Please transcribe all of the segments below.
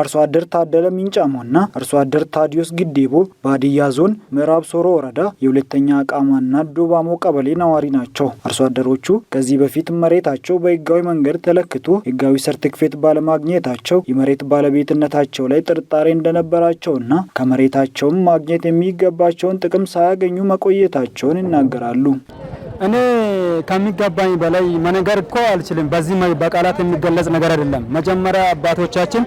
አርሶ አደር ታደለ ሚንጫማና አርሶ አደር ታዲዮስ ግዴቦ በሀዲያ ዞን ምዕራብ ሶሮ ወረዳ የሁለተኛ አቃማና ዶባሞ ቀበሌ ነዋሪ ናቸው። አርሶ አደሮቹ ከዚህ በፊት መሬታቸው በህጋዊ መንገድ ተለክቶ ህጋዊ ሰርቲፊኬት ባለማግኘታቸው የመሬት ባለቤትነታቸው ላይ ጥርጣሬ እንደነበራቸውና ከመሬታቸውም ማግኘት የሚገባቸውን ጥቅም ሳያገኙ መቆየታቸውን ይናገራሉ። እኔ ከሚገባኝ በላይ መነገር እኮ አልችልም። በዚህ በቃላት የሚገለጽ ነገር አይደለም። መጀመሪያ አባቶቻችን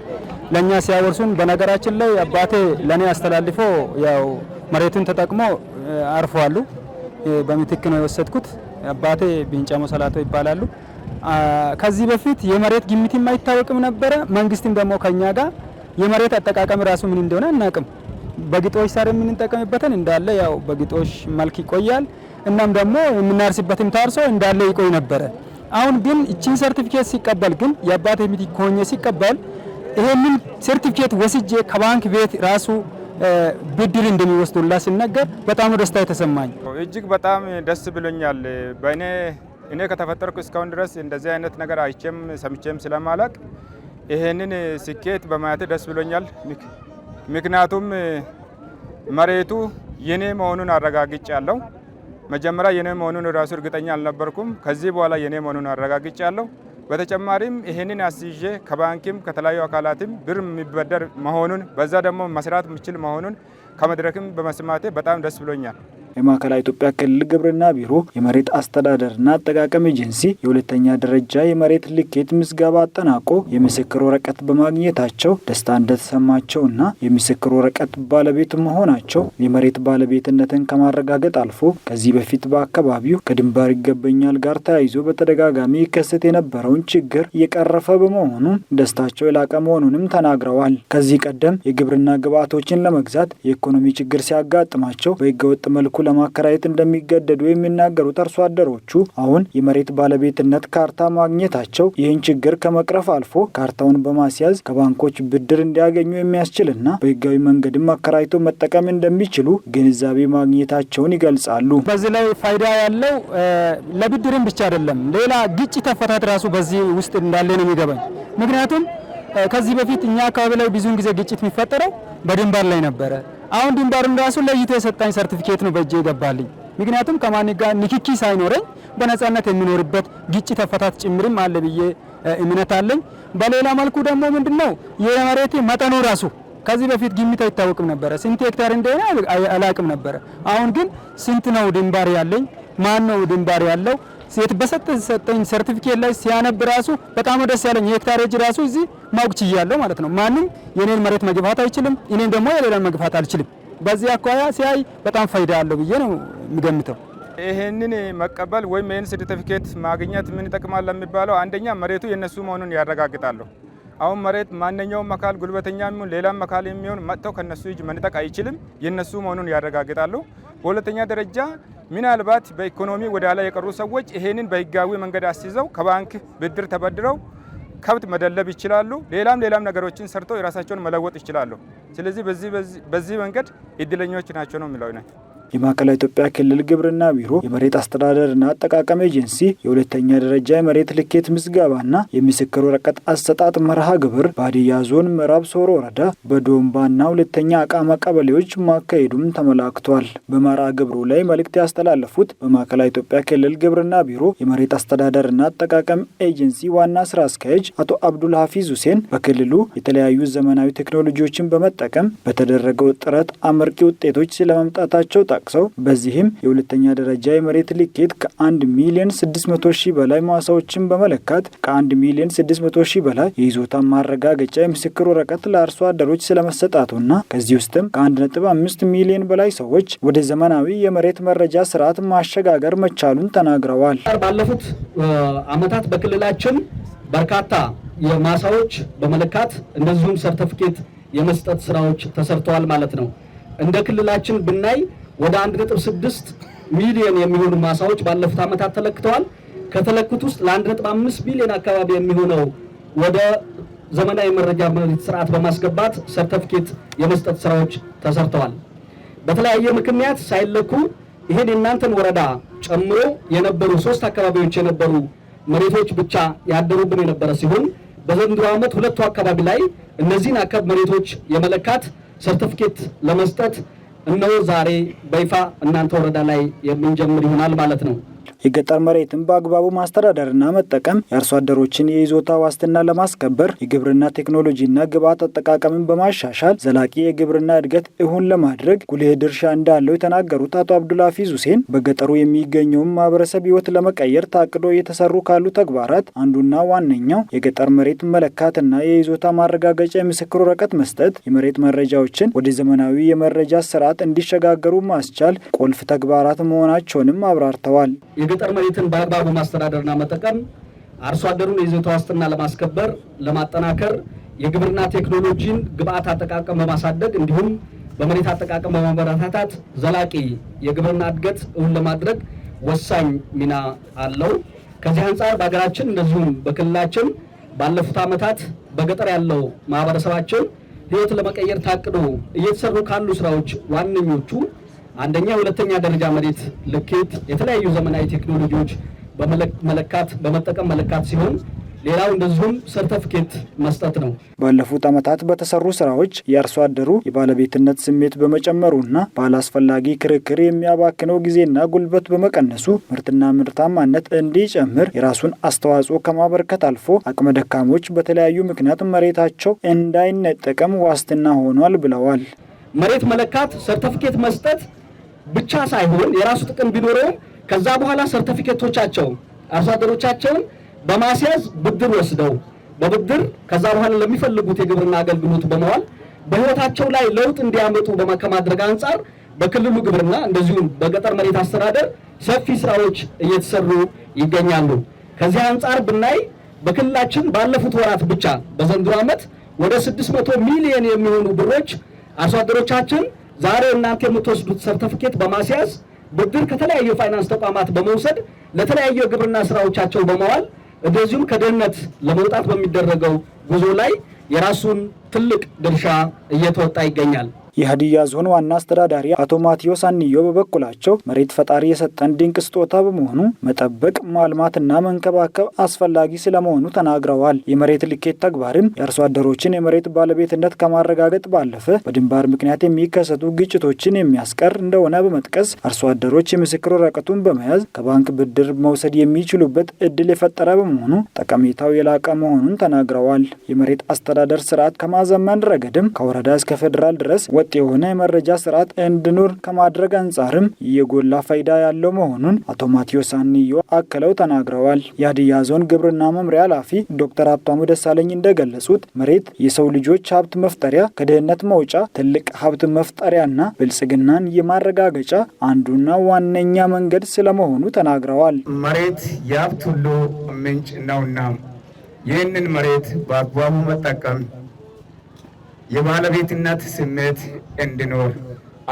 ለእኛ ሲያወርሱን፣ በነገራችን ላይ አባቴ ለእኔ አስተላልፎ ያው መሬቱን ተጠቅሞ አርፈዋሉ። በምትክ ነው የወሰድኩት። አባቴ ቢንጫሞ ሰላቶ ይባላሉ። ከዚህ በፊት የመሬት ግምትም አይታወቅም ነበረ። መንግስትም ደግሞ ከኛ ጋር የመሬት አጠቃቀም ራሱ ምን እንደሆነ አናቅም። በግጦሽ ሳር የምንጠቀምበትን እንዳለ ያው በግጦሽ መልክ ይቆያል። እናም ደግሞ የምናርስበትም ታርሶ እንዳለ ይቆይ ነበረ። አሁን ግን እቺን ሰርቲፊኬት ሲቀበል ግን የአባቴ ምትክ ሆኜ ሲቀበል ይሄንን ሰርቲፊኬት ወስጄ ከባንክ ቤት ራሱ ብድር እንደሚወስዱላ ሲነገር በጣም ደስታ የተሰማኝ እጅግ በጣም ደስ ብሎኛል። በእኔ እኔ ከተፈጠርኩ እስካሁን ድረስ እንደዚህ አይነት ነገር አይቼም ሰምቼም ስለማላቅ ይሄንን ስኬት በማየት ደስ ብሎኛል። ምክንያቱም መሬቱ የኔ መሆኑን ያለው መጀመሪያ የኔ መሆኑን ራሱ እርግጠኛ አልነበርኩም። ከዚህ በኋላ የኔ መሆኑን ያለው በተጨማሪም ይህንን አስይዤ ከባንክም ከተለያዩ አካላትም ብር የሚበደር መሆኑን በዛ ደግሞ መስራት የሚችል መሆኑን ከመድረክም በመስማቴ በጣም ደስ ብሎኛል። የማዕከላዊ ኢትዮጵያ ክልል ግብርና ቢሮ የመሬት አስተዳደርና አጠቃቀም ኤጀንሲ የሁለተኛ ደረጃ የመሬት ልኬት ምዝገባ አጠናቆ የምስክር ወረቀት በማግኘታቸው ደስታ እንደተሰማቸውና የምስክር ወረቀት ባለቤት መሆናቸው የመሬት ባለቤትነትን ከማረጋገጥ አልፎ ከዚህ በፊት በአካባቢው ከድንበር ይገበኛል ጋር ተያይዞ በተደጋጋሚ ይከሰት የነበረውን ችግር እየቀረፈ በመሆኑ ደስታቸው የላቀ መሆኑንም ተናግረዋል። ከዚህ ቀደም የግብርና ግብዓቶችን ለመግዛት የኢኮኖሚ ችግር ሲያጋጥማቸው በህገወጥ መልኩ ለማከራየት እንደሚገደዱ የሚናገሩት አርሶ አደሮቹ አሁን የመሬት ባለቤትነት ካርታ ማግኘታቸው ይህን ችግር ከመቅረፍ አልፎ ካርታውን በማስያዝ ከባንኮች ብድር እንዲያገኙ የሚያስችልና በህጋዊ መንገድም አከራይቶ መጠቀም እንደሚችሉ ግንዛቤ ማግኘታቸውን ይገልጻሉ። በዚህ ላይ ፋይዳ ያለው ለብድርም ብቻ አይደለም፣ ሌላ ግጭት አፈታት ራሱ በዚህ ውስጥ እንዳለ ነው የሚገባኝ። ምክንያቱም ከዚህ በፊት እኛ አካባቢ ላይ ብዙውን ጊዜ ግጭት የሚፈጠረው በድንበር ላይ ነበረ። አሁን ድንበሩን ራሱ ለይቶ የሰጣኝ ሰርቲፊኬት ነው በእጄ የገባልኝ። ምክንያቱም ከማን ጋር ንክኪ ሳይኖረኝ በነጻነት የሚኖርበት ግጭት አፈታት ጭምርም አለ ብዬ እምነት አለኝ። በሌላ መልኩ ደግሞ ምንድነው የመሬት መጠኑ ራሱ ከዚህ በፊት ግምት አይታወቅም ነበረ፣ ስንት ሄክታር እንደሆነ አላቅም ነበረ። አሁን ግን ስንት ነው ድንበር ያለኝ፣ ማን ነው ድንበር ያለው፣ ሴት በሰጠኝ ሰርቲፊኬት ላይ ሲያነብ ራሱ በጣም ደስ ያለኝ የሄክታሬጅ ራሱ እዚህ ማወቅ ችያለሁ ማለት ነው። ማንም የኔን መሬት መግፋት አይችልም፣ እኔም ደግሞ የሌላን መግፋት አልችልም። በዚህ አኳያ ሲያይ በጣም ፋይዳ አለው ብዬ ነው የሚገምተው። ይህንን መቀበል ወይም ይህን ሰርቲፊኬት ማግኘት ምን ይጠቅማል ለሚባለው አንደኛ መሬቱ የነሱ መሆኑን ያረጋግጣለሁ። አሁን መሬት ማንኛውም አካል ጉልበተኛ የሚሆን ሌላም አካል የሚሆን መጥተው ከነሱ እጅ መንጠቅ አይችልም፣ የነሱ መሆኑን ያረጋግጣለሁ። በሁለተኛ ደረጃ ምናልባት በኢኮኖሚ ወደ ኋላ የቀሩ ሰዎች ይሄንን በህጋዊ መንገድ አስይዘው ከባንክ ብድር ተበድረው ከብት መደለብ ይችላሉ። ሌላም ሌላም ነገሮችን ሰርተው የራሳቸውን መለወጥ ይችላሉ። ስለዚህ በዚህ መንገድ እድለኞች ናቸው ነው የሚለው የማዕከላዊ ኢትዮጵያ ክልል ግብርና ቢሮ የመሬት አስተዳደርና አጠቃቀም ኤጀንሲ የሁለተኛ ደረጃ የመሬት ልኬት ምዝገባና የምስክር ወረቀት አሰጣጥ መርሃ ግብር በሀዲያ ዞን ምዕራብ ሶሮ ወረዳ በዶምባና ሁለተኛ አቃማ ቀበሌዎች ማካሄዱም ተመላክቷል። በመርሃ ግብሩ ላይ መልእክት ያስተላለፉት በማዕከላዊ ኢትዮጵያ ክልል ግብርና ቢሮ የመሬት አስተዳደርና አጠቃቀም ኤጀንሲ ዋና ስራ አስኪያጅ አቶ አብዱል ሀፊዝ ሁሴን በክልሉ የተለያዩ ዘመናዊ ቴክኖሎጂዎችን በመጠቀም በተደረገው ጥረት አመርቂ ውጤቶች ስለመምጣታቸው ጠቅ ጠቅሰው በዚህም የሁለተኛ ደረጃ የመሬት ልኬት ከአንድ ሚሊዮን መቶ ሺህ በላይ ማሳዎችን በመለካት ከአንድ ሚሊዮን መቶ ሺህ በላይ የይዞታ ማረጋገጫ የምስክር ወረቀት ለአርሶ አደሮች ስለመሰጣቱና ከዚህ ውስጥም ከ አምስት ሚሊዮን በላይ ሰዎች ወደ ዘመናዊ የመሬት መረጃ ስርዓት ማሸጋገር መቻሉን ተናግረዋል። ባለፉት ዓመታት በክልላችን በርካታ የማሳዎች በመለካት እንደዚሁም ሰርተፍኬት የመስጠት ስራዎች ተሰርተዋል ማለት ነው። እንደ ክልላችን ብናይ ወደ 1.6 ሚሊዮን የሚሆኑ ማሳዎች ባለፉት ዓመታት ተለክተዋል። ከተለኩት ውስጥ ለ1.5 ሚሊዮን አካባቢ የሚሆነው ወደ ዘመናዊ መረጃ መሬት ስርዓት በማስገባት ሰርተፍኬት የመስጠት ስራዎች ተሰርተዋል። በተለያየ ምክንያት ሳይለኩ ይሄን የእናንተን ወረዳ ጨምሮ የነበሩ ሶስት አካባቢዎች የነበሩ መሬቶች ብቻ ያደሩብን የነበረ ሲሆን በዘንድሮ ዓመት ሁለቱ አካባቢ ላይ እነዚህን አካባቢ መሬቶች የመለካት ሰርተፍኬት ለመስጠት እነሆ ዛሬ በይፋ እናንተ ወረዳ ላይ የምንጀምር ይሆናል ማለት ነው። የገጠር መሬትን በአግባቡ ማስተዳደርና መጠቀም የአርሶ አደሮችን የይዞታ ዋስትና ለማስከበር የግብርና ቴክኖሎጂና ግብዓት አጠቃቀምን በማሻሻል ዘላቂ የግብርና እድገት እሁን ለማድረግ ጉልህ ድርሻ እንዳለው የተናገሩት አቶ አብዱላፊዝ ሁሴን በገጠሩ የሚገኘውን ማህበረሰብ ህይወት ለመቀየር ታቅዶ የተሰሩ ካሉ ተግባራት አንዱና ዋነኛው የገጠር መሬት መለካትና የይዞታ ማረጋገጫ የምስክር ወረቀት መስጠት፣ የመሬት መረጃዎችን ወደ ዘመናዊ የመረጃ ስርዓት እንዲሸጋገሩ ማስቻል ቁልፍ ተግባራት መሆናቸውንም አብራርተዋል። የገጠር መሬትን በአግባቡ ማስተዳደርና መጠቀም አርሶ አደሩን የይዞታ ዋስትና ለማስከበር ለማጠናከር የግብርና ቴክኖሎጂን ግብአት አጠቃቀም በማሳደግ እንዲሁም በመሬት አጠቃቀም በማበረታታት ዘላቂ የግብርና እድገት እውን ለማድረግ ወሳኝ ሚና አለው። ከዚህ አንጻር በሀገራችን እንደዚሁም በክልላችን ባለፉት ዓመታት በገጠር ያለው ማህበረሰባችን ህይወት ለመቀየር ታቅዶ እየተሰሩ ካሉ ስራዎች ዋነኞቹ አንደኛ ሁለተኛ ደረጃ መሬት ልኬት የተለያዩ ዘመናዊ ቴክኖሎጂዎች በመለካት በመጠቀም መለካት ሲሆን ሌላው እንደዚሁም ሰርተፍኬት መስጠት ነው። ባለፉት ዓመታት በተሰሩ ስራዎች የአርሶ አደሩ የባለቤትነት ስሜት በመጨመሩና ባላስፈላጊ ክርክር የሚያባክነው ጊዜና ጉልበት በመቀነሱ ምርትና ምርታማነት እንዲጨምር የራሱን አስተዋጽኦ ከማበርከት አልፎ አቅመ ደካሞች በተለያዩ ምክንያት መሬታቸው እንዳይነጠቀም ዋስትና ሆኗል ብለዋል። መሬት መለካት፣ ሰርተፍኬት መስጠት ብቻ ሳይሆን የራሱ ጥቅም ቢኖረውም ከዛ በኋላ ሰርተፊኬቶቻቸውን አርሶ አደሮቻቸውን በማስያዝ ብድር ወስደው በብድር ከዛ በኋላ ለሚፈልጉት የግብርና አገልግሎት በመዋል በህይወታቸው ላይ ለውጥ እንዲያመጡ ከማድረግ አንጻር በክልሉ ግብርና እንደዚሁም በገጠር መሬት አስተዳደር ሰፊ ስራዎች እየተሰሩ ይገኛሉ። ከዚህ አንጻር ብናይ በክልላችን ባለፉት ወራት ብቻ በዘንድሮ ዓመት ወደ 600 ሚሊዮን የሚሆኑ ብሮች አርሶ አደሮቻችን ዛሬ እናንተ የምትወስዱት ሰርተፍኬት በማስያዝ ብድር ከተለያዩ ፋይናንስ ተቋማት በመውሰድ ለተለያዩ የግብርና ስራዎቻቸው በመዋል እንደዚሁም ከድህነት ለመውጣት በሚደረገው ጉዞ ላይ የራሱን ትልቅ ድርሻ እየተወጣ ይገኛል። የሀዲያ ዞን ዋና አስተዳዳሪ አቶ ማቴዎስ አንዮ በበኩላቸው መሬት ፈጣሪ የሰጠን ድንቅ ስጦታ በመሆኑ መጠበቅ ማልማትና መንከባከብ አስፈላጊ ስለመሆኑ ተናግረዋል። የመሬት ልኬት ተግባርም የአርሶ አደሮችን የመሬት ባለቤትነት ከማረጋገጥ ባለፈ በድንባር ምክንያት የሚከሰቱ ግጭቶችን የሚያስቀር እንደሆነ በመጥቀስ አርሶ አደሮች የምስክር ወረቀቱን በመያዝ ከባንክ ብድር መውሰድ የሚችሉበት እድል የፈጠረ በመሆኑ ጠቀሜታው የላቀ መሆኑን ተናግረዋል። የመሬት አስተዳደር ስርዓት ከማዘመን ረገድም ከወረዳ እስከ ፌዴራል ድረስ ወጥ የሆነ የመረጃ ስርዓት እንዲኖር ከማድረግ አንጻርም የጎላ ፋይዳ ያለው መሆኑን አቶ ማቴዎስ አንዮ አክለው ተናግረዋል። የሀዲያ ዞን ግብርና መምሪያ ኃላፊ ዶክተር ሀብታሙ ደሳለኝ እንደገለጹት መሬት የሰው ልጆች ሀብት መፍጠሪያ፣ ከድህነት መውጫ፣ ትልቅ ሀብት መፍጠሪያና ብልጽግናን የማረጋገጫ አንዱና ዋነኛ መንገድ ስለመሆኑ ተናግረዋል። መሬት የሀብት ሁሉ ምንጭ ነውና ይህንን መሬት በአግባቡ መጠቀም የባለቤትነት ስሜት እንዲኖር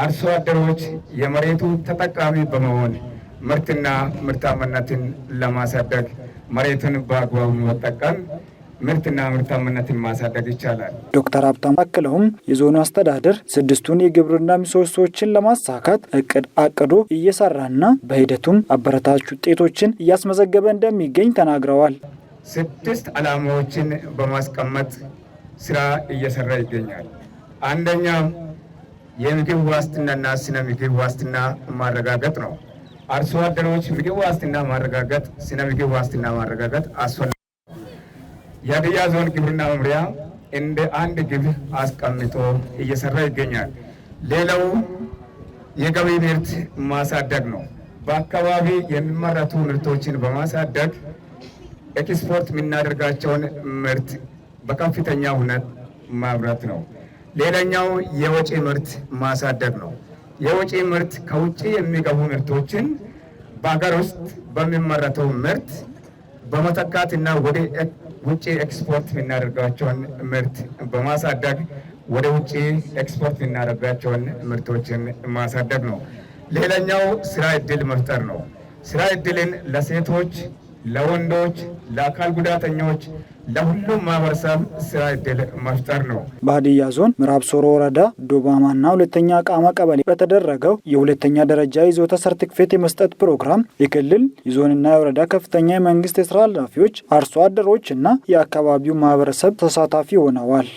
አርሶ አደሮች የመሬቱ ተጠቃሚ በመሆን ምርትና ምርታማነትን ለማሳደግ መሬቱን በአግባቡ መጠቀም ምርትና ምርታማነትን ማሳደግ ይቻላል። ዶክተር ሀብታም አክለውም የዞኑ አስተዳደር ስድስቱን የግብርና ምሰሶዎችን ለማሳካት እቅድ አቅዶ እየሰራና በሂደቱም አበረታች ውጤቶችን እያስመዘገበ እንደሚገኝ ተናግረዋል። ስድስት ዓላማዎችን በማስቀመጥ ስራ እየሰራ ይገኛል። አንደኛም የምግብ ዋስትናና ስነ ምግብ ዋስትና ማረጋገጥ ነው። አርሶ አደሮች ምግብ ዋስትና ማረጋገጥ፣ ስነ ምግብ ዋስትና ማረጋገጥ አስፈላጊ የሀዲያ ዞን ግብርና መምሪያ እንደ አንድ ግብ አስቀምጦ እየሰራ ይገኛል። ሌላው የገቢ ምርት ማሳደግ ነው። በአካባቢ የሚመረቱ ምርቶችን በማሳደግ ኤክስፖርት የምናደርጋቸውን ምርት በከፍተኛ ሁነት ማምረት ነው። ሌላኛው የወጪ ምርት ማሳደግ ነው። የወጪ ምርት ከውጭ የሚገቡ ምርቶችን በሀገር ውስጥ በሚመረተው ምርት በመተካት ወደ ውጭ ኤክስፖርት የምናደርጋቸውን ምርት በማሳደግ ወደ ውጭ ኤክስፖርት የምናደርጋቸውን ምርቶችን ማሳደግ ነው። ሌላኛው ስራ እድል መፍጠር ነው። ስራ እድልን ለሴቶች፣ ለወንዶች፣ ለአካል ጉዳተኞች ለሁሉም ማህበረሰብ ስራ እድል መፍጠር ነው። በሀዲያ ዞን ምዕራብ ሶሮ ወረዳ ዶባማና ሁለተኛ ቃማ ቀበሌ በተደረገው የሁለተኛ ደረጃ ይዞታ ሰርቲፊኬት የመስጠት ፕሮግራም የክልል የዞንና የወረዳ ከፍተኛ የመንግስት የስራ ኃላፊዎች፣ አርሶ አደሮች እና የአካባቢው ማህበረሰብ ተሳታፊ ሆነዋል።